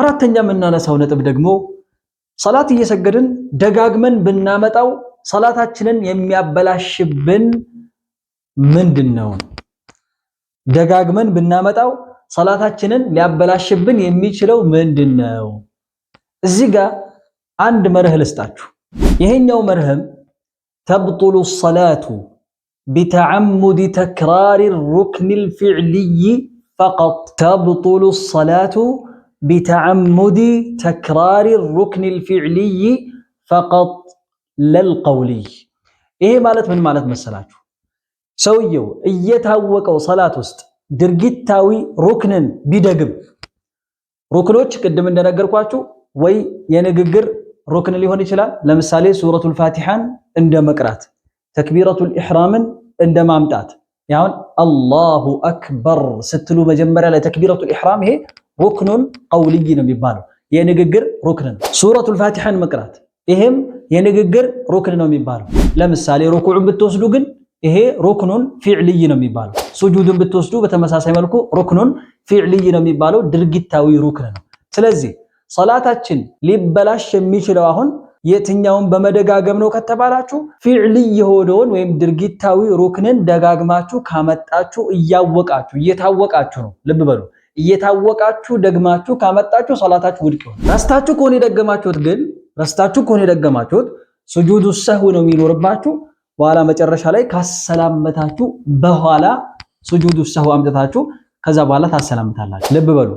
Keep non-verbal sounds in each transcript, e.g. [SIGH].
አራተኛ የምናነሳው ነጥብ ደግሞ ሰላት እየሰገድን ደጋግመን ብናመጣው ሰላታችንን የሚያበላሽብን ምንድን ነው? ደጋግመን ብናመጣው ሰላታችንን ሊያበላሽብን የሚችለው ምንድን ነው? እዚህ ጋር አንድ መርህ ልስጣችሁ። ይሄኛው መርህም ተብጡሉ ሰላቱ ቢተዓሙድ ተክራሪ ሩክኒል ፊዕልይ ፈቀጥ ተብጡሉ ሰላቱ ቢተዓሙዲ ተክራሪ ሩክኒ ልፊዕልይ ፈቀጥ ለልቀውልይ። ይሄ ማለት ምን ማለት መሰላችሁ? ሰውየው እየታወቀው ሰላት ውስጥ ድርጊታዊ ሩክንን ቢደግም ሩክኖች ቅድም እንደነገርኳችሁ ወይ የንግግር ሩክን ሊሆን ይችላል። ለምሳሌ ሱረቱል ፋቲሓን እንደ መቅራት፣ ተክቢረቱል ኢሕራምን እንደ ማምጣት። ያሁን አላሁ አክበር ስትሉ መጀመሪያ ላይ ተክቢረቱል ኢሕራም ይሄ ሩክኑን አውልይ ነው የሚባለው የንግግር ሩክን ነው። ሱረቱል ፋቲሐን መቅራት ይሄም የንግግር ሩክን ነው የሚባለው። ለምሳሌ ሩኩዑን ብትወስዱ ግን ይሄ ሩክኑን ፊዕልይ ነው የሚባለው። ሱጁድን ብትወስዱ በተመሳሳይ መልኩ ሩክኑን ፊዕልይ ነው የሚባለው፣ ድርጊታዊ ሩክን ነው። ስለዚህ ሰላታችን ሊበላሽ የሚችለው አሁን የትኛውን በመደጋገም ነው ከተባላችሁ ፊዕልይ የሆነውን ወይም ድርጊታዊ ሩክንን ደጋግማችሁ ካመጣችሁ እያወቃችሁ እየታወቃችሁ ነው። ልብ በሉ እየታወቃችሁ ደግማችሁ ካመጣችሁ ሰላታችሁ ውድቅ ይሆን። ረስታችሁ ከሆነ የደገማችሁት ግን ረስታችሁ ከሆነ የደገማችሁት ስጁዱ ሰህው ነው የሚኖርባችሁ። በኋላ መጨረሻ ላይ ካሰላመታችሁ በኋላ ስጁዱ ሰህው አምጥታችሁ ከዛ በኋላ ታሰላምታላችሁ። ልብ በሉ፣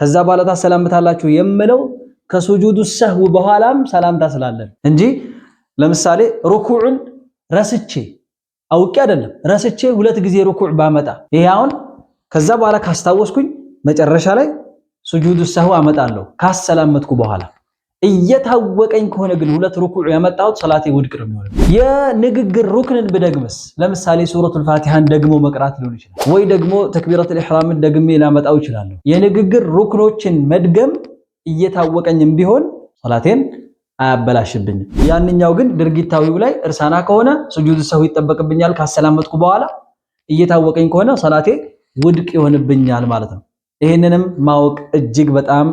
ከዛ በኋላ ታሰላምታላችሁ የምለው ከሱጁዱ ሰህው በኋላም ሰላምታ ስላለን እንጂ ለምሳሌ ሩኩዕን ረስቼ አውቄ አይደለም። ረስቼ ሁለት ጊዜ ሩኩዕ ባመጣ ይሄ አሁን ከዛ በኋላ ካስታወስኩኝ መጨረሻ ላይ ሱጁድ ሰሁ አመጣለሁ ካሰላመትኩ በኋላ እየታወቀኝ ከሆነ ግን ሁለት ሩኩዕ ያመጣሁት ሰላቴ ውድቅ ነው የሚሆነው። የንግግር ሩክንን ብደግምስ ለምሳሌ ሱረቱል ፋቲሃን ደግሞ መቅራት ሊሆን ይችላል፣ ወይ ደግሞ ተክቢረቱል ኢሕራምን ደግሜ ላመጣው ይችላለሁ የንግግር ሩክኖችን መድገም እየታወቀኝም ቢሆን ሰላቴን አያበላሽብኝም። ያንኛው ግን ድርጊታዊው ላይ እርሳና ከሆነ ሱጁድ ሰሁ ይጠበቅብኛል ካሰላመትኩ በኋላ እየታወቀኝ ከሆነ ሰላቴ ውድቅ ይሆንብኛል ማለት ነው። ይህንንም ማወቅ እጅግ በጣም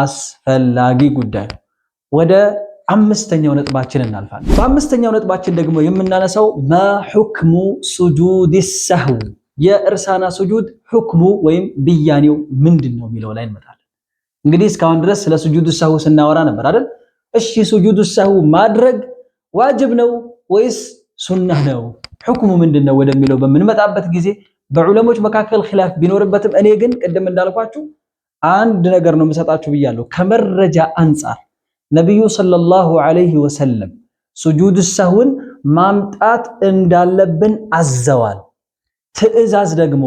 አስፈላጊ ጉዳይ። ወደ አምስተኛው ነጥባችን እናልፋለን። በአምስተኛው ነጥባችን ደግሞ የምናነሳው ማሑክሙ ሱጁድ ሰህው የእርሳና ሱጁድ ሁክሙ ወይም ብያኔው ምንድን ነው የሚለው ላይ እንመጣለን። እንግዲህ እስካሁን ድረስ ስለ ሱጁድ ሰህው ስናወራ ነበር አይደል? እሺ ሱጁድ ሰህው ማድረግ ዋጅብ ነው ወይስ ሱና ነው? ሁክሙ ምንድን ነው ወደሚለው በምንመጣበት ጊዜ በዑለሞች መካከል ኺላፍ ቢኖርበትም እኔ ግን ቅድም እንዳልኳችሁ አንድ ነገር ነው የምሰጣችሁ ብያለሁ። ከመረጃ አንጻር ነቢዩ ሰለላሁ ዐለይሂ ወሰለም ሱጁድ ሰህውን ማምጣት እንዳለብን አዘዋል። ትዕዛዝ ደግሞ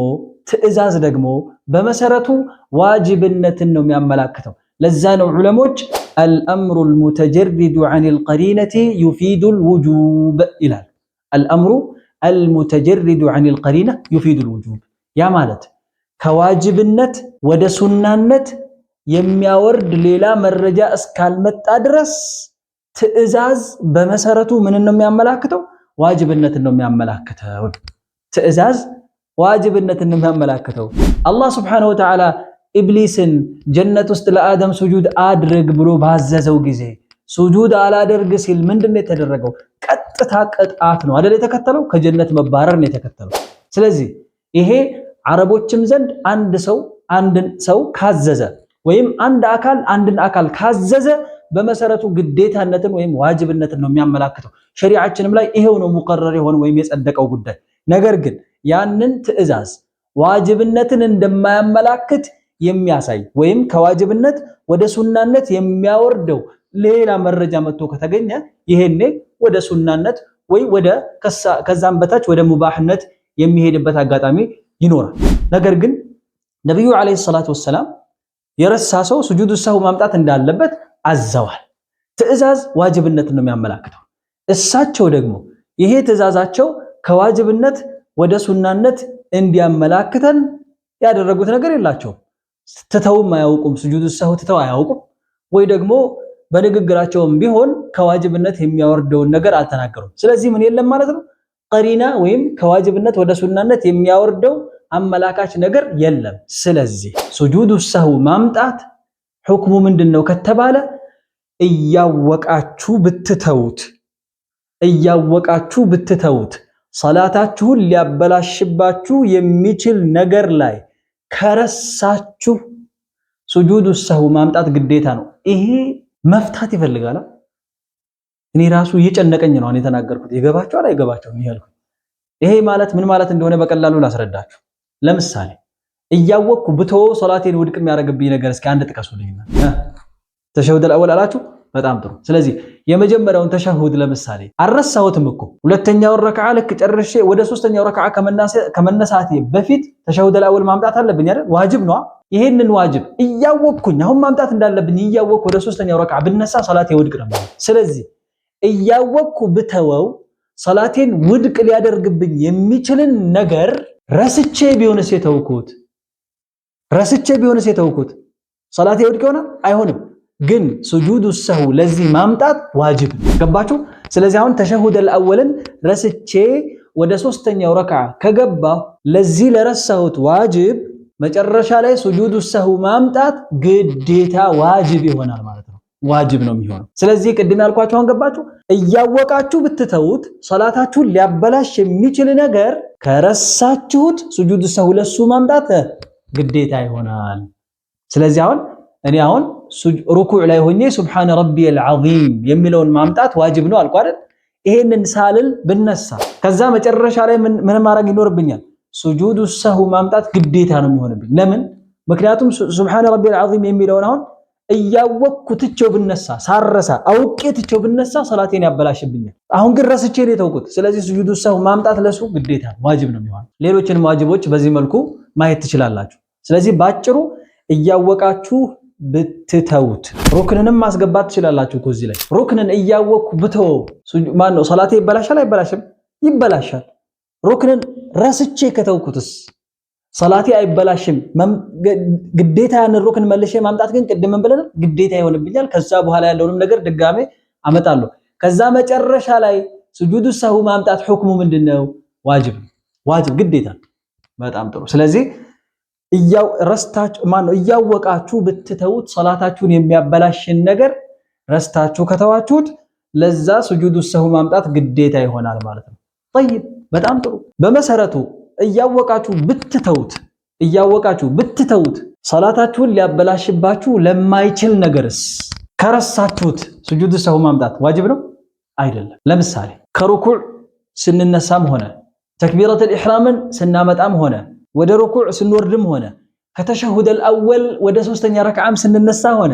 ትዕዛዝ ደግሞ በመሰረቱ ዋጅብነትን ነው የሚያመላክተው። ለዛ ነው ዑለሞች አልአምሩ ልሙተጀሪዱ ዐን ልቀሪነቲ ዩፊዱ ልውጁብ ይላል አልአምሩ አልሙተጀሪዱ አኒል ቀሪና ዩፊዱል ውጁብ። ያ ማለት ከዋጅብነት ወደ ሱናነት የሚያወርድ ሌላ መረጃ እስካልመጣ ድረስ ትዕዛዝ በመሰረቱ ምንን ነው የሚያመላክተው? ዋጅብነትን ነው የሚያመላክተው። ትዕዛዝ ዋጅብነትን ነው የሚያመላክተው። አላህ ስብሓነሁ ወተዓላ ኢብሊስን ጀነት ውስጥ ለአደም ሱጁድ አድርግ ብሎ ባዘዘው ጊዜ ሱጁድ አላደርግ ሲል ምንድነው የተደረገው? ቀጥታ ቅጣት ነው አይደል የተከተለው? ከጀነት መባረር ነው የተከተለው። ስለዚህ ይሄ አረቦችም ዘንድ አንድ ሰው አንድን ሰው ካዘዘ ወይም አንድ አካል አንድን አካል ካዘዘ በመሰረቱ ግዴታነትን ወይም ዋጅብነትን ነው የሚያመላክተው። ሸሪዓችንም ላይ ይሄው ነው ሙቀረር የሆነ ወይም የጸደቀው ጉዳይ። ነገር ግን ያንን ትዕዛዝ ዋጅብነትን እንደማያመላክት የሚያሳይ ወይም ከዋጅብነት ወደ ሱናነት የሚያወርደው ሌላ መረጃ መጥቶ ከተገኘ ይሄኔ ወደ ሱናነት ወይ ወደ ከዛም በታች ወደ ሙባህነት የሚሄድበት አጋጣሚ ይኖራል። ነገር ግን ነቢዩ ዓለይሂ ሰላቱ ወሰላም የረሳ ሰው ስጁዱ ሰሁ ማምጣት እንዳለበት አዘዋል። ትዕዛዝ ዋጅብነትን ነው የሚያመላክተው። እሳቸው ደግሞ ይሄ ትዕዛዛቸው ከዋጅብነት ወደ ሱናነት እንዲያመላክተን ያደረጉት ነገር የላቸውም። ትተውም አያውቁም። ስጁዱ ሰሁ ትተው አያውቁም ወይ ደግሞ በንግግራቸውም ቢሆን ከዋጅብነት የሚያወርደውን ነገር አልተናገሩም። ስለዚህ ምን የለም ማለት ነው፣ ቀሪና ወይም ከዋጅብነት ወደ ሱናነት የሚያወርደው አመላካች ነገር የለም። ስለዚህ ሱጁዱ ሰሁ ማምጣት ሁክሙ ምንድን ነው ከተባለ እያወቃችሁ ብትተውት እያወቃችሁ ብትተውት ሰላታችሁን ሊያበላሽባችሁ የሚችል ነገር ላይ ከረሳችሁ ሱጁዱ ሰሁ ማምጣት ግዴታ ነው። ይሄ መፍታት ይፈልጋል። እኔ ራሱ እየጨነቀኝ ነው የተናገርኩት። ይገባቸዋል አይገባቸውም ይላል። ይሄ ማለት ምን ማለት እንደሆነ በቀላሉ ላስረዳችሁ። ለምሳሌ እያወቅኩ ብቶ ሶላቴን ውድቅ የሚያደርግብኝ ነገር እስኪ አንድ ጥቀሱልኝ። ተሸሁደል አወል አላችሁ በጣም ጥሩ። ስለዚህ የመጀመሪያውን ተሸሁድ ለምሳሌ አረሳሁትም እኮ ሁለተኛውን ረክዓ ልክ ጨርሼ ወደ ሶስተኛው ረክዓ ከመነሳቴ በፊት ተሸሁድ አልአወል ማምጣት አለብኝ አይደል? ዋጅብ ነዋ። ይሄንን ዋጅብ እያወቅኩኝ አሁን ማምጣት እንዳለብኝ እያወቅኩ ወደ ሶስተኛው ረክዓ ብነሳ ሰላቴ ውድቅ ነው። ስለዚህ እያወቅኩ ብተወው ሰላቴን ውድቅ ሊያደርግብኝ የሚችልን ነገር ረስቼ ቢሆንስ የተውኩት ረስቼ ቢሆንስ የተውኩት ሰላቴ ውድቅ ይሆናል? አይሆንም። ግን ሱጁዱ ሰሁ ለዚህ ማምጣት ዋጅብ ገባችሁ። ስለዚህ አሁን ተሸሁድ አወልን ረስቼ ወደ ሶስተኛው ረክዓ ከገባሁ ለዚህ ለረሳሁት ዋጅብ መጨረሻ ላይ ሱጁዱ ሰሁ ማምጣት ግዴታ ዋጅብ ይሆናል ማለት ነው። ዋጅብ ነው የሚሆነው። ስለዚህ ቅድም ያልኳችሁ አሁን ገባችሁ። እያወቃችሁ ብትተዉት ሰላታችሁን ሊያበላሽ የሚችል ነገር ከረሳችሁት ሱጁዱ ሰሁ ለሱ ማምጣት ግዴታ ይሆናል። ስለዚህ አሁን እኔ አሁን ሩኩዕ ላይ ሆኜ ሱብሓነ ረቢየል ዐዚም የሚለውን ማምጣት ዋጅብ ነው አልኩ አይደል? ይሄንን ሳልል ብነሳ ከዛ መጨረሻ ላይ ምን ማድረግ ይኖርብኛል? ሱጁዱ ሰሁ ማምጣት ግዴታ ነው የሚሆንብኝ። ለምን? ምክንያቱም ሱብሓነ ረቢየል ዐዚም የሚለውን አሁን እያወቅኩ ትቼው ብነሳ ሳረሳ አውቄ ትቼው ብነሳ ሰላቴን ያበላሽብኛል። አሁን ግን ረስቼ ነው የተውኩት። ስለዚህ ሱጁዱ ሰሁ ማምጣት ለሱ ግዴታ ዋጅብ ነው የሚሆነው። ሌሎችንም ዋጅቦች በዚህ መልኩ ማየት ትችላላችሁ። ስለዚህ ባጭሩ እያወቃችሁ ብትተውት ሩክንንም ማስገባት ትችላላችሁ። ከዚህ ላይ ሩክንን እያወቅኩ ብተው ማነው ሰላቴ ይበላሻል? አይበላሽም? ይበላሻል። ሩክንን ረስቼ ከተውኩትስ ሰላቴ አይበላሽም። ግዴታ ያን ሩክን መልሼ ማምጣት ግን ቅድምን ብለን ግዴታ ይሆንብኛል። ከዛ በኋላ ያለውንም ነገር ድጋሜ አመጣለሁ። ከዛ መጨረሻ ላይ ስጁዱ ሰሁ ማምጣት ሁክሙ ምንድነው? ዋጅብ ዋጅብ፣ ግዴታ። በጣም ጥሩ። ስለዚህ ረስታችሁ ማነው እያወቃችሁ ብትተውት ሰላታችሁን የሚያበላሽን ነገር ረስታችሁ ከተዋችሁት ለዛ ስጁዱ ሰሁ ማምጣት ግዴታ ይሆናል ማለት ነው። ጠይብ በጣም ጥሩ። በመሰረቱ እያወቃችሁ ብትተውት እያወቃችሁ ብትተዉት ሰላታችሁን ሊያበላሽባችሁ ለማይችል ነገርስ ከረሳችሁት ስጁዱ ሰሁ ማምጣት ዋጅብ ነው አይደለም? ለምሳሌ ከሩኩዕ ስንነሳም ሆነ ተክቢረተል ኢሕራምን ስናመጣም ሆነ ወደ ሩኩዕ ስንወርድም ሆነ ከተሸሁደል አወል ወደ ሶስተኛ ረክዓም ስንነሳ ሆነ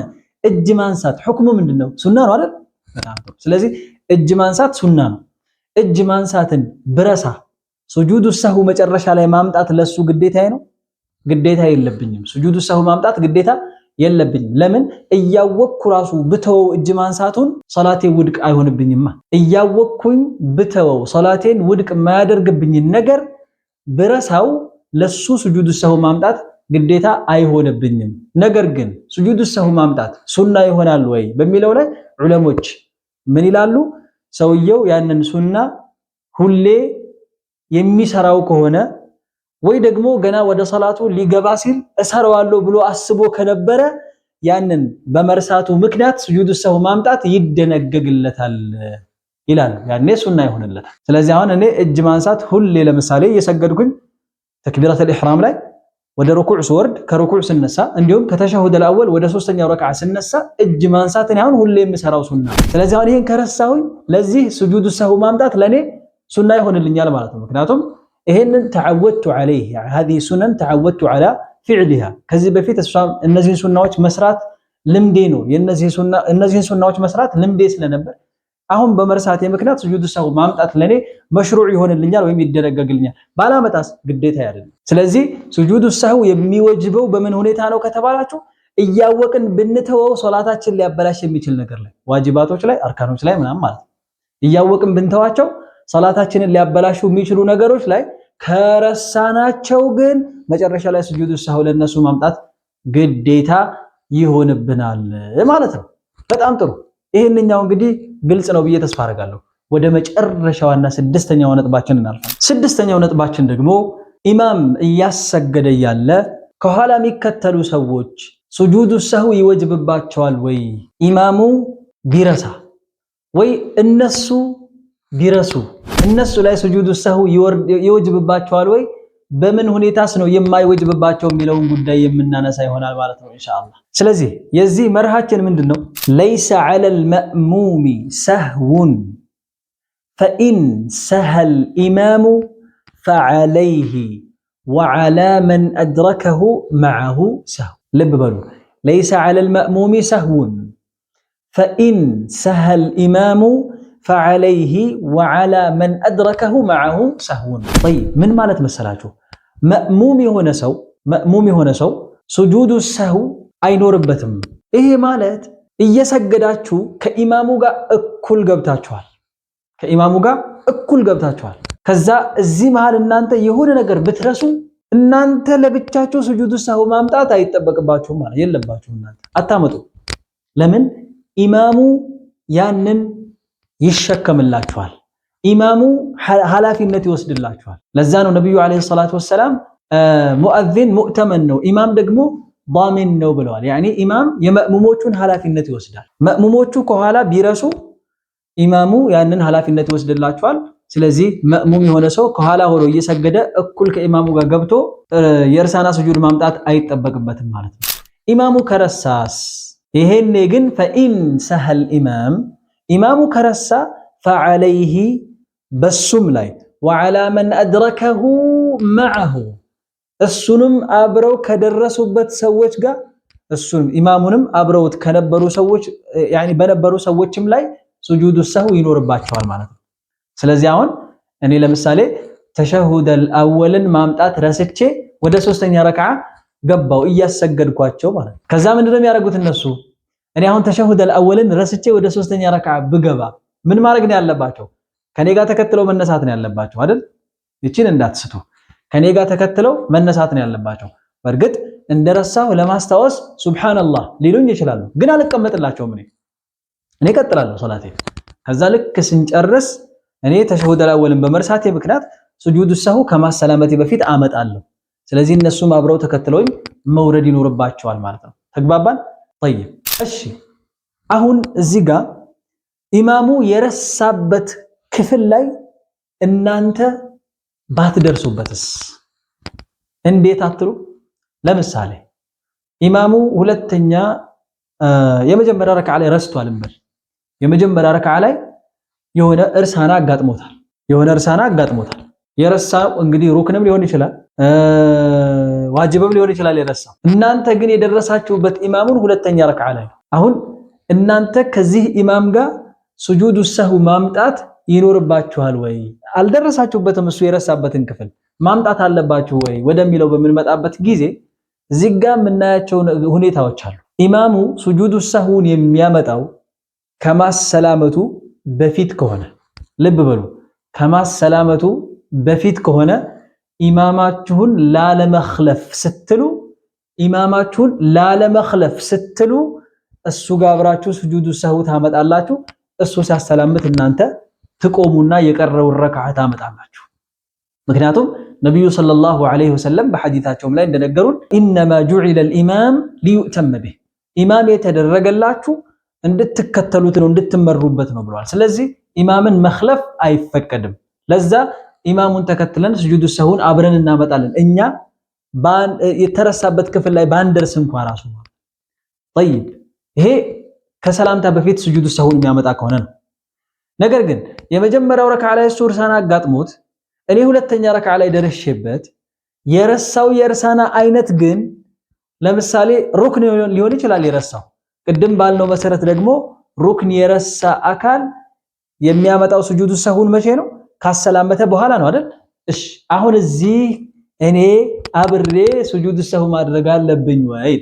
እጅ ማንሳት ሁክሙ ምንድነው? ሱና ነው አይደል? ስለዚህ እጅ ማንሳት ሱና ነው። እጅ ማንሳትን ብረሳ ሱጁዱ ሰሁ መጨረሻ ላይ ማምጣት ለሱ ግዴታ ነው? ግዴታ የለብኝም። ሱጁዱ ሰሁ ማምጣት ግዴታ የለብኝም። ለምን እያወቅኩ ራሱ ብተወው እጅ ማንሳቱን ሰላቴ ውድቅ አይሆንብኝማ። እያወቅኩኝ ብተወው ሰላቴን ውድቅ የማያደርግብኝን ነገር ብረሳው ለሱ ስጁድ ሰሁ ማምጣት ግዴታ አይሆንብኝም። ነገር ግን ስጁድ ሰሁ ማምጣት ሱና ይሆናል ወይ በሚለው ላይ ዑለሞች ምን ይላሉ? ሰውየው ያንን ሱና ሁሌ የሚሰራው ከሆነ ወይ ደግሞ ገና ወደ ሰላቱ ሊገባ ሲል እሰራዋለሁ ብሎ አስቦ ከነበረ ያንን በመርሳቱ ምክንያት ስጁድ ሰሁ ማምጣት ይደነገግለታል ይላሉ። ያኔ ሱና ይሆንለታል። ስለዚህ አሁን እኔ እጅ ማንሳት ሁሌ ለምሳሌ እየሰገድኩኝ ተክቢረተል ኢሕራም ላይ ወደ ሩኩዕ ስወርድ ከሩኩዕ ስነሳ እንዲሁም ከተሸሁደል አወል ወደ ሶስተኛው ረክዓ ስነሳ እጅ ማንሳትን ያሁን ሁሌ የምሰራው ሱና። ስለዚህ አሁን ይህን ከረሳሁኝ ለዚህ ስጁዱ ሰሁ ማምጣት ለእኔ ሱና ይሆንልኛል ማለት ነው። ምክንያቱም ይህንን ተዓወድቱ ዐለይህ ሀዚህ ሱነን ተዓወድቱ ዐላ ፊዕሊሃ ከዚህ በፊት እሷም እነዚህን ሱናዎች መስራት ልምዴ ነው። እነዚህን ሱናዎች መስራት ልምዴ ስለነበር አሁን በመርሳቴ ምክንያት ስጁድ ሰሁ ማምጣት ለኔ መሽሩዕ ይሆንልኛል ወይም ይደነገግልኛል ባላመጣስ ግዴታ አይደለም። ስለዚህ ስጁድ ሰሁ የሚወጅበው በምን ሁኔታ ነው ከተባላችሁ እያወቅን ብንተወው ሶላታችን ሊያበላሽ የሚችል ነገር ላይ ዋጅባቶች ላይ አርካኖች ላይ ምናምን ማለት ነው። እያወቅን ብንተዋቸው ሶላታችንን ሊያበላሹ የሚችሉ ነገሮች ላይ ከረሳናቸው ግን መጨረሻ ላይ ስጁድ ሰሁ ለነሱ ማምጣት ግዴታ ይሆንብናል ማለት ነው። በጣም ጥሩ ይህንኛው እንግዲህ ግልጽ ነው ብዬ ተስፋ አደርጋለሁ። ወደ መጨረሻዋና ስድስተኛው ነጥባችን እናልፋለን። ስድስተኛው ነጥባችን ደግሞ ኢማም እያሰገደ ያለ ከኋላ የሚከተሉ ሰዎች ሱጁዱ ሰህው ይወጅብባቸዋል ወይ? ኢማሙ ቢረሳ ወይ እነሱ ቢረሱ እነሱ ላይ ሱጁዱ ሰህው ይወጅብባቸዋል ወይ? በምን ሁኔታስ ነው የማይወጅብባቸው የሚለውን ጉዳይ የምናነሳ ይሆናል ማለት ነው ኢንሻአላህ። ስለዚህ የዚህ መርሃችን ምንድን ነው? ለይሰ ዐለል መእሙሚ ሰህውን ፈኢን ሰሀል ኢማሙ ፈዐለይሂ ወዐላ መን አድረከሁ መዐሁ ሰህው። ልብ በሉ ለይሰ ዐለል መእሙሚ ሰህውን ፈኢን ሰሀል ኢማሙ ፈዐለይህ ወዐላ መን አድረከሁ መዐሁ ሰህውን። ጠይብ ምን ማለት መሰላችሁ? መእሙም የሆነ ሰው ሱጁዱ ሰህው አይኖርበትም። ይሄ ማለት እየሰገዳችሁ ከኢማሙ ጋር እኩል ገብታችኋል። ከኢማሙ ጋር እኩል ገብታችኋል። ከዛ እዚህ መሃል እናንተ የሆነ ነገር ብትረሱ እናንተ ለብቻችሁ ሱጁዱ ሰህው ማምጣት አይጠበቅባችሁም፣ ማለት የለባችሁም እናንተ አታመጡ። ለምን ኢማሙ ያንን ይሸከምላችኋል። ኢማሙ ኃላፊነት ይወስድላችኋል። ለዛ ነው ነቢዩ ዓለይሂ ሰላቱ ወሰላም ሙአዚን ሙእተመን ነው፣ ኢማም ደግሞ ባሚን ነው ብለዋል። ያኒ ኢማም የመእሙሞቹን ኃላፊነት ይወስዳል። መእሙሞቹ ከኋላ ቢረሱ ኢማሙ ያንን ኃላፊነት ይወስድላቸዋል። ስለዚህ መእሙም የሆነ ሰው ከኋላ ሆኖ እየሰገደ እኩል ከኢማሙ ጋር ገብቶ የእርሳና ስጁድ ማምጣት አይጠበቅበትም ማለት ነው። ኢማሙ ከረሳስ ይሄኔ ግን ፈኢን ሰሀል ኢማም ኢማሙ ከረሳ ፈዐለይሂ በሱም ላይ ወዐላ መን አድረከሁ መዐሁ እሱንም አብረው ከደረሱበት ሰዎች ጋር እሱን ኢማሙንም አብረውት ከነበሩ ሰዎች ያኒ በነበሩ ሰዎችም ላይ ስጁድ ሰሁ ይኖርባቸዋል ማለት ነው። ስለዚህ አሁን እኔ ለምሳሌ ተሸሁደል አወልን ማምጣት ረስቼ ወደ ሶስተኛ ረክዓ ገባው እያሰገድኳቸው ማለት ነው። ከዛ ምንድነው የሚያደርጉት እነሱ እኔ አሁን ተሸሁደል አወልን ረስቼ ወደ ሶስተኛ ረካ ብገባ ምን ማድረግ ነው ያለባቸው? ከኔ ጋር ተከትለው መነሳት ነው ያለባቸው አይደል? ይቺን እንዳትስቱ። ከኔ ጋር ተከትለው መነሳት ነው ያለባቸው። በእርግጥ እንደረሳሁ ለማስታወስ ሱብሃንአላህ ሊሉኝ ይችላሉ፣ ግን አልቀመጥላቸውም። እኔ እኔ እቀጥላለሁ ሶላቴ። ከዛ ልክ ስንጨርስ እኔ ተሸሁደል አወልን በመርሳቴ ምክንያት ሱጁድ ሰሁ ከማሰላመቴ በፊት አመጣለሁ። ስለዚህ እነሱም አብረው ተከትለውኝ መውረድ ይኖርባቸዋል ማለት ነው። ተግባባን? ጠይብ እሺ አሁን እዚህ ጋር ኢማሙ የረሳበት ክፍል ላይ እናንተ ባትደርሱበትስ እንዴት አትሉ? ለምሳሌ ኢማሙ ሁለተኛ የመጀመሪያ ረክዓ ላይ ረስቷል እንበል። የመጀመሪያ ረክዓ ላይ የሆነ እርሳና አጋጥሞታል። የሆነ እርሳና አጋጥሞታል። የረሳው እንግዲህ ሩክንም ሊሆን ይችላል ዋጅብም ሊሆን ይችላል የረሳው። እናንተ ግን የደረሳችሁበት ኢማሙን ሁለተኛ ረክዓ ላይ አሁን እናንተ ከዚህ ኢማም ጋር ሱጁድ ሰሁ ማምጣት ይኖርባችኋል ወይ? አልደረሳችሁበትም እሱ የረሳበትን ክፍል ማምጣት አለባችሁ ወይ ወደሚለው በምንመጣበት ጊዜ እዚህ ጋ የምናያቸው ሁኔታዎች አሉ። ኢማሙ ሱጁድ ሰሁን የሚያመጣው ከማሰላመቱ በፊት ከሆነ ልብ በሉ፣ ከማሰላመቱ በፊት ከሆነ ኢማማችሁን ላለመክለፍ ስትሉ ኢማማችሁን ላለመክለፍ ስትሉ እሱ ጋር አብራችሁ ስጁዱ ሰሁ ታመጣላችሁ። እሱ ሲያሰላምት እናንተ ትቆሙና የቀረውን ረክዓ ታመጣላችሁ። ምክንያቱም ነቢዩ ሰለላሁ ዐለይሂ ወሰለም በሐዲታቸውም ላይ እንደነገሩን ኢነማ ጁዒለል ኢማም ሊዩእተመ ቢህ ኢማም የተደረገላችሁ እንድትከተሉት ነው እንድትመሩበት ነው ብለዋል። ስለዚህ ኢማምን መክለፍ አይፈቀድም። ለዛ ኢማሙን ተከትለን ስጁዱ ሰሁን አብረን እናመጣለን። እኛ የተረሳበት ክፍል ላይ ባንደርስ እንኳ ራሱ ጠይብ። ይሄ ከሰላምታ በፊት ስጁዱ ሰሁን የሚያመጣ ከሆነ ነው። ነገር ግን የመጀመሪያው ረክዓ ላይ እሱ እርሳና አጋጥሞት እኔ ሁለተኛ ረክዓ ላይ ደረሼበት የረሳው የእርሳና አይነት ግን ለምሳሌ ሩክን ሊሆን ይችላል የረሳው ቅድም ባልነው መሰረት ደግሞ ሩክን የረሳ አካል የሚያመጣው ስጁዱ ሰሁን መቼ ነው? ካሰላመተ በኋላ ነው አይደል? እሺ አሁን እዚህ እኔ አብሬ ስጁድ ሰሁ ማድረግ አለብኝ ወይ?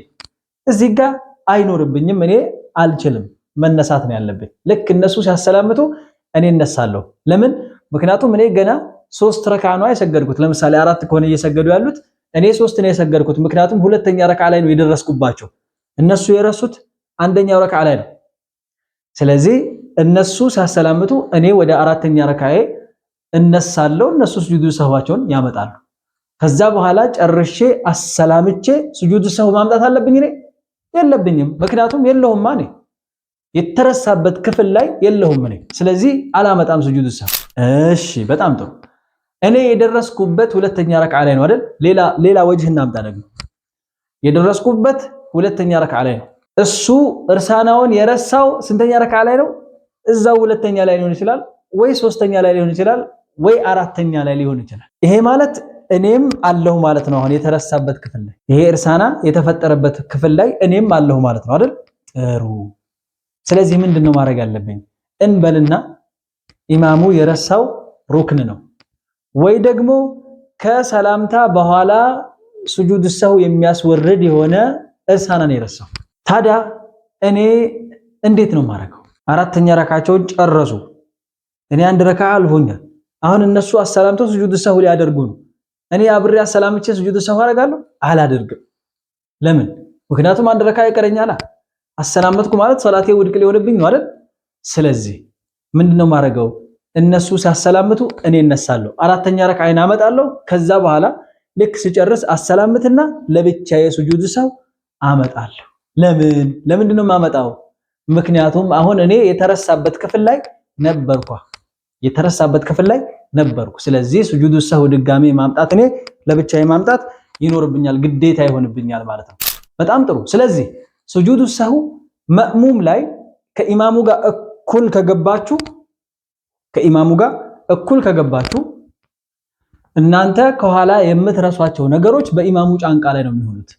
እዚህ ጋር አይኖርብኝም፣ እኔ አልችልም፣ መነሳት ነው ያለብኝ። ልክ እነሱ ሲያሰላምቱ እኔ እነሳለሁ። ለምን? ምክንያቱም እኔ ገና ሶስት ረካ ነው የሰገድኩት። ለምሳሌ አራት ከሆነ እየሰገዱ ያሉት እኔ ሶስት ነው የሰገድኩት። ምክንያቱም ሁለተኛ ረካ ላይ ነው የደረስኩባቸው። እነሱ የረሱት አንደኛው ረካ ላይ ነው። ስለዚህ እነሱ ሲያሰላምቱ እኔ ወደ አራተኛ ረካዬ እነሳለው እነሱ ስጁዱ ሰህባቸውን ያመጣሉ። ከዛ በኋላ ጨርሼ አሰላምቼ ስጁዱ ሰህው ማምጣት አለብኝ እኔ የለብኝም። ምክንያቱም የለሁማ እኔ የተረሳበት ክፍል ላይ የለሁም እኔ። ስለዚህ አላመጣም ስጁዱ ሰህው። እሺ፣ በጣም ጥሩ። እኔ የደረስኩበት ሁለተኛ ረክዓ ላይ ነው አይደል? ሌላ ሌላ ወጅህ እናምጣ ደግሞ። የደረስኩበት ሁለተኛ ረክዓ ላይ ነው። እሱ እርሳናውን የረሳው ስንተኛ ረክዓ ላይ ነው? እዛው ሁለተኛ ላይ ሊሆን ይችላል ወይ ሶስተኛ ላይ ሊሆን ይችላል ወይ አራተኛ ላይ ሊሆን ይችላል። ይሄ ማለት እኔም አለሁ ማለት ነው። አሁን የተረሳበት ክፍል ላይ ይሄ እርሳና የተፈጠረበት ክፍል ላይ እኔም አለሁ ማለት ነው አይደል? ጥሩ። ስለዚህ ምንድን ነው ማድረግ ያለብኝ? እንበልና ኢማሙ የረሳው ሩክን ነው ወይ ደግሞ ከሰላምታ በኋላ ስጁድ ሰው የሚያስወርድ የሆነ እርሳና ነው የረሳው። ታዲያ እኔ እንዴት ነው ማረገው? አራተኛ ረካቸውን ጨረሱ። እኔ አንድ ረካ አልሆኛል አሁን እነሱ አሰላምቶ ስጁድ ሰሁ ሊያደርጉ ነው። እኔ አብሬ አሰላምቼ ስጁድ ሰሁ አደርጋለሁ? አላደርግም። ለምን? ምክንያቱም አንድ ረካ ይቀረኛላ። አሰላመትኩ ማለት ሰላቴ ውድቅ ሊሆንብኝ ነው አይደል? ስለዚህ ምንድነው ማረገው? እነሱ ሲያሰላምቱ እኔ እነሳለሁ፣ አራተኛ ረካዓን አመጣለሁ። ከዛ በኋላ ልክ ሲጨርስ አሰላምትና ለብቻዬ ስጁድ ሰሁ አመጣለሁ። ለምን? ለምንድነው የማመጣው? ምክንያቱም አሁን እኔ የተረሳበት ክፍል ላይ ነበርኳ። የተረሳበት ክፍል ላይ ነበርኩ። ስለዚህ ስጁዱ ሰሁ ድጋሜ ማምጣት እኔ ለብቻዬ ማምጣት ይኖርብኛል፣ ግዴታ ይሆንብኛል ማለት ነው። በጣም ጥሩ። ስለዚህ ስጁዱ ሰሁ መእሙም ላይ ከኢማሙ ጋር እኩል ከገባችሁ ከኢማሙ ጋር እኩል ከገባችሁ እናንተ ከኋላ የምትረሷቸው ነገሮች በኢማሙ ጫንቃ ላይ ነው የሚሆኑት።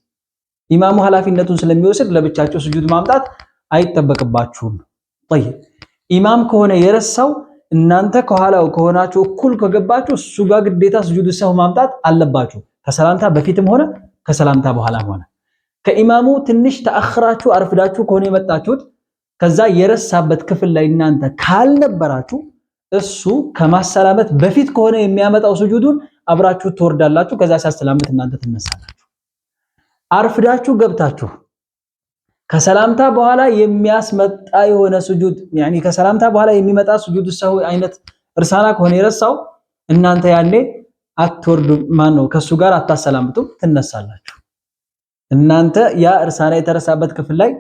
ኢማሙ ኃላፊነቱን ስለሚወስድ ለብቻቸው ስጁድ ማምጣት አይጠበቅባችሁም። ጠይብ ኢማም ከሆነ የረሳው እናንተ ከኋላው ከሆናችሁ እኩል ከገባችሁ እሱ ጋር ግዴታ ስጁድ ሰሁ ማምጣት አለባችሁ። ከሰላምታ በፊትም ሆነ ከሰላምታ በኋላም ሆነ ከኢማሙ ትንሽ ተአኽራችሁ አርፍዳችሁ ከሆነ የመጣችሁት ከዛ የረሳበት ክፍል ላይ እናንተ ካልነበራችሁ እሱ ከማሰላመት በፊት ከሆነ የሚያመጣው ስጁዱን አብራችሁ ትወርዳላችሁ። ከዛ ሲያሰላምት እናንተ ትነሳላችሁ። አርፍዳችሁ ገብታችሁ ከሰላምታ በኋላ የሚያስመጣ የሆነ ስጁድ ያኒ ከሰላምታ በኋላ የሚመጣ ስጁድ ሰው አይነት እርሳና ከሆነ የረሳው እናንተ ያኔ አትወርዱ ማን ነው ከሱ ጋር አታሰላምቱም ትነሳላችሁ። እናንተ ያ እርሳና የተረሳበት ክፍል ላይ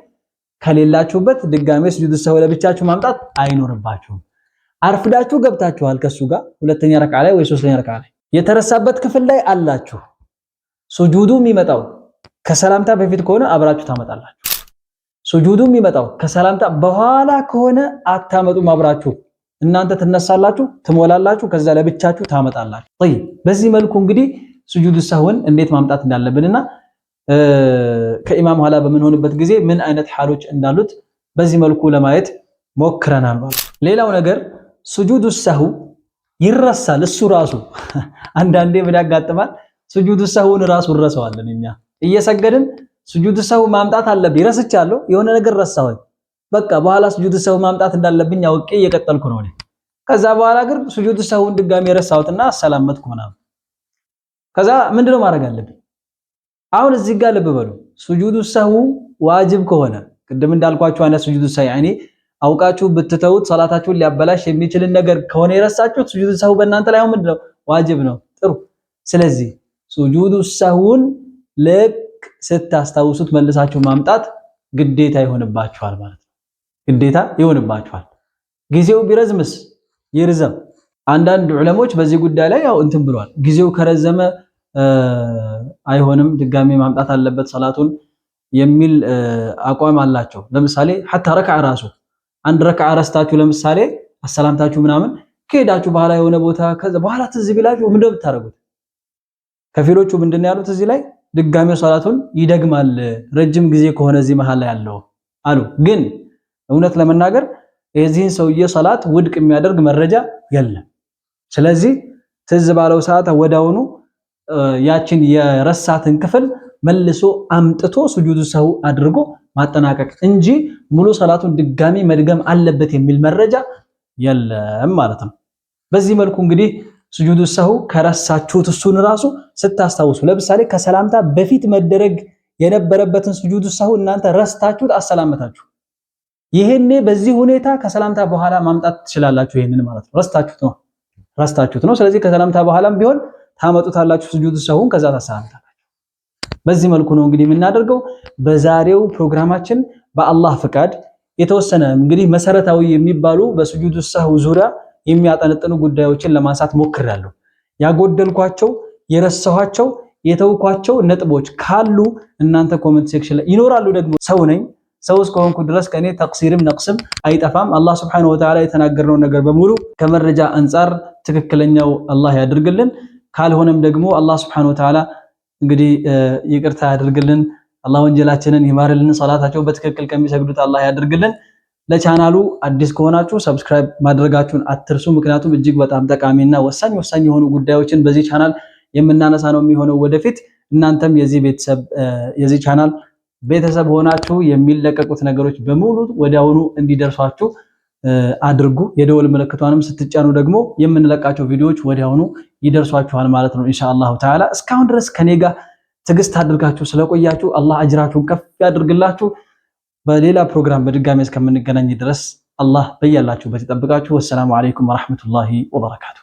ከሌላችሁበት ድጋሜ ስጁድ ሰው ለብቻችሁ ማምጣት አይኖርባችሁም። አርፍዳችሁ ገብታችኋል ከሱ ጋር ሁለተኛ ረክዓ ላይ ወይ ሶስተኛ ረክዓ ላይ የተረሳበት ክፍል ላይ አላችሁ። ስጁዱ የሚመጣው ከሰላምታ በፊት ከሆነ አብራችሁ ታመጣላችሁ። ሱጁዱ የሚመጣው ከሰላምታ በኋላ ከሆነ አታመጡም። አብራችሁ እናንተ ትነሳላችሁ፣ ትሞላላችሁ፣ ከዛ ለብቻችሁ ታመጣላችሁ። ጠይብ በዚህ መልኩ እንግዲህ ሱጁዱ ሰሁን እንዴት ማምጣት እንዳለብንና ከኢማም ኋላ በምንሆንበት ጊዜ ምን አይነት ሓሎች እንዳሉት በዚህ መልኩ ለማየት ሞክረናል። ሌላው ነገር ሱጁዱ ሰሁ ይረሳል። እሱ ራሱ [LAUGHS] አንዳንዴ ምን ያጋጥማል? ሱጁዱ ሰሁን ራሱ እረሰዋለን እኛ እየሰገድን ስጁድ ሰው ማምጣት አለብኝ። ረስቻለሁ፣ የሆነ ነገር ረሳሁኝ። በቃ በኋላ ስጁድ ሰው ማምጣት እንዳለብኝ አውቄ እየቀጠልኩ ነው። ከዛ በኋላ ግን ስጁድ ሰውን ድጋሚ ረሳሁትና አሰላመትኩ ምናምን። ከዛ ምንድነው ማድረግ አለብኝ? አሁን እዚህ ጋር ልብ በሉ። ስጁድ ሰው ዋጅብ ከሆነ ቅድም እንዳልኳችሁ አይነት ስጁድ ሰው ያኔ አውቃችሁ ብትተውት ሰላታችሁን ሊያበላሽ የሚችልን ነገር ከሆነ የረሳችሁት ስጁድ ሰው በእናንተ ላይ አሁን ምንድነው ዋጅብ ነው። ጥሩ። ስለዚህ ስጁድ ሰውን ልክ ስታስታውሱት መልሳችሁ ማምጣት ግዴታ ይሆንባችኋል ማለት ነው። ግዴታ ይሆንባችኋል። ጊዜው ቢረዝምስ ይርዘም። አንዳንድ ዑለሞች በዚህ ጉዳይ ላይ ያው እንትን ብለዋል። ጊዜው ከረዘመ አይሆንም ድጋሚ ማምጣት አለበት ሰላቱን የሚል አቋም አላቸው። ለምሳሌ ሐታ ረክዓ ራሱ አንድ ረክዓ ረስታችሁ ለምሳሌ አሰላምታችሁ ምናምን ከሄዳችሁ በኋላ የሆነ ቦታ ከዛ በኋላ ትዝ ቢላችሁ ምንድነው ብታደርጉት? ከፊሎቹ ምንድን ያሉት እዚህ ላይ ድጋሚ ሶላቱን ይደግማል ረጅም ጊዜ ከሆነ እዚህ መሃል ላይ ያለው አሉ። ግን እውነት ለመናገር የዚህን ሰውዬ ሶላት ውድቅ የሚያደርግ መረጃ የለም። ስለዚህ ትዝ ባለው ሰዓት ወዳውኑ ያችን የረሳትን ክፍል መልሶ አምጥቶ ሱጁዱ ሰው አድርጎ ማጠናቀቅ እንጂ ሙሉ ሰላቱን ድጋሚ መድገም አለበት የሚል መረጃ የለም ማለት ነው። በዚህ መልኩ እንግዲህ ስጁዱ ሰሁ ከረሳችሁት እሱን ራሱ ስታስታውሱ፣ ለምሳሌ ከሰላምታ በፊት መደረግ የነበረበትን ስጁዱ ሰሁ እናንተ ረስታችሁት አሰላመታችሁ። ይሄኔ በዚህ ሁኔታ ከሰላምታ በኋላ ማምጣት ትችላላችሁ። ይሄንን ማለት ነው ረስታችሁት ነው ረስታችሁት ነው። ስለዚህ ከሰላምታ በኋላም ቢሆን ታመጡታላችሁ ስጁዱ ሰሁን፣ ከዛ ታሰላምታላችሁ። በዚህ መልኩ ነው እንግዲህ የምናደርገው በዛሬው ፕሮግራማችን በአላህ ፍቃድ የተወሰነ እንግዲህ መሰረታዊ የሚባሉ በስጁዱ ሰሁ ዙሪያ የሚያጠነጥኑ ጉዳዮችን ለማንሳት ሞክሬያለሁ። ያጎደልኳቸው፣ የረሳኋቸው፣ የተውኳቸው ነጥቦች ካሉ እናንተ ኮመንት ሴክሽን ላይ ይኖራሉ። ደግሞ ሰው ነኝ። ሰው እስከሆንኩ ድረስ ከኔ ተቅሲርም ነቅስም አይጠፋም። አላህ ሱብሓነሁ ወተዓላ የተናገርነው ነገር በሙሉ ከመረጃ አንጻር ትክክለኛው አላህ ያድርግልን፣ ካልሆነም ደግሞ አላህ ሱብሓነሁ ወተዓላ እንግዲህ ይቅርታ ያድርግልን። አላህ ወንጀላችንን ይማርልን። ሰላታቸው በትክክል ከሚሰግዱት አላህ ያድርግልን። ለቻናሉ አዲስ ከሆናችሁ ሰብስክራይብ ማድረጋችሁን አትርሱ። ምክንያቱም እጅግ በጣም ጠቃሚና ወሳኝ ወሳኝ የሆኑ ጉዳዮችን በዚህ ቻናል የምናነሳ ነው የሚሆነው ወደፊት። እናንተም የዚህ ቤተሰብ የዚህ ቻናል ቤተሰብ ሆናችሁ የሚለቀቁት ነገሮች በሙሉ ወዲያውኑ እንዲደርሷችሁ አድርጉ። የደወል ምልክቷንም ስትጫኑ ደግሞ የምንለቃቸው ቪዲዮዎች ወዲያውኑ ይደርሷችኋል ማለት ነው ኢንሻአላሁ ተዓላ። እስካሁን ድረስ ከኔ ጋር ትዕግስት አድርጋችሁ ስለቆያችሁ አላህ አጅራችሁን ከፍ ያድርግላችሁ። በሌላ ፕሮግራም በድጋሚ እስከምንገናኝ ድረስ አላህ በያላችሁበት ይጠብቃችሁ። ወሰላሙ አለይኩም ወራህመቱላሂ ወበረካቱ።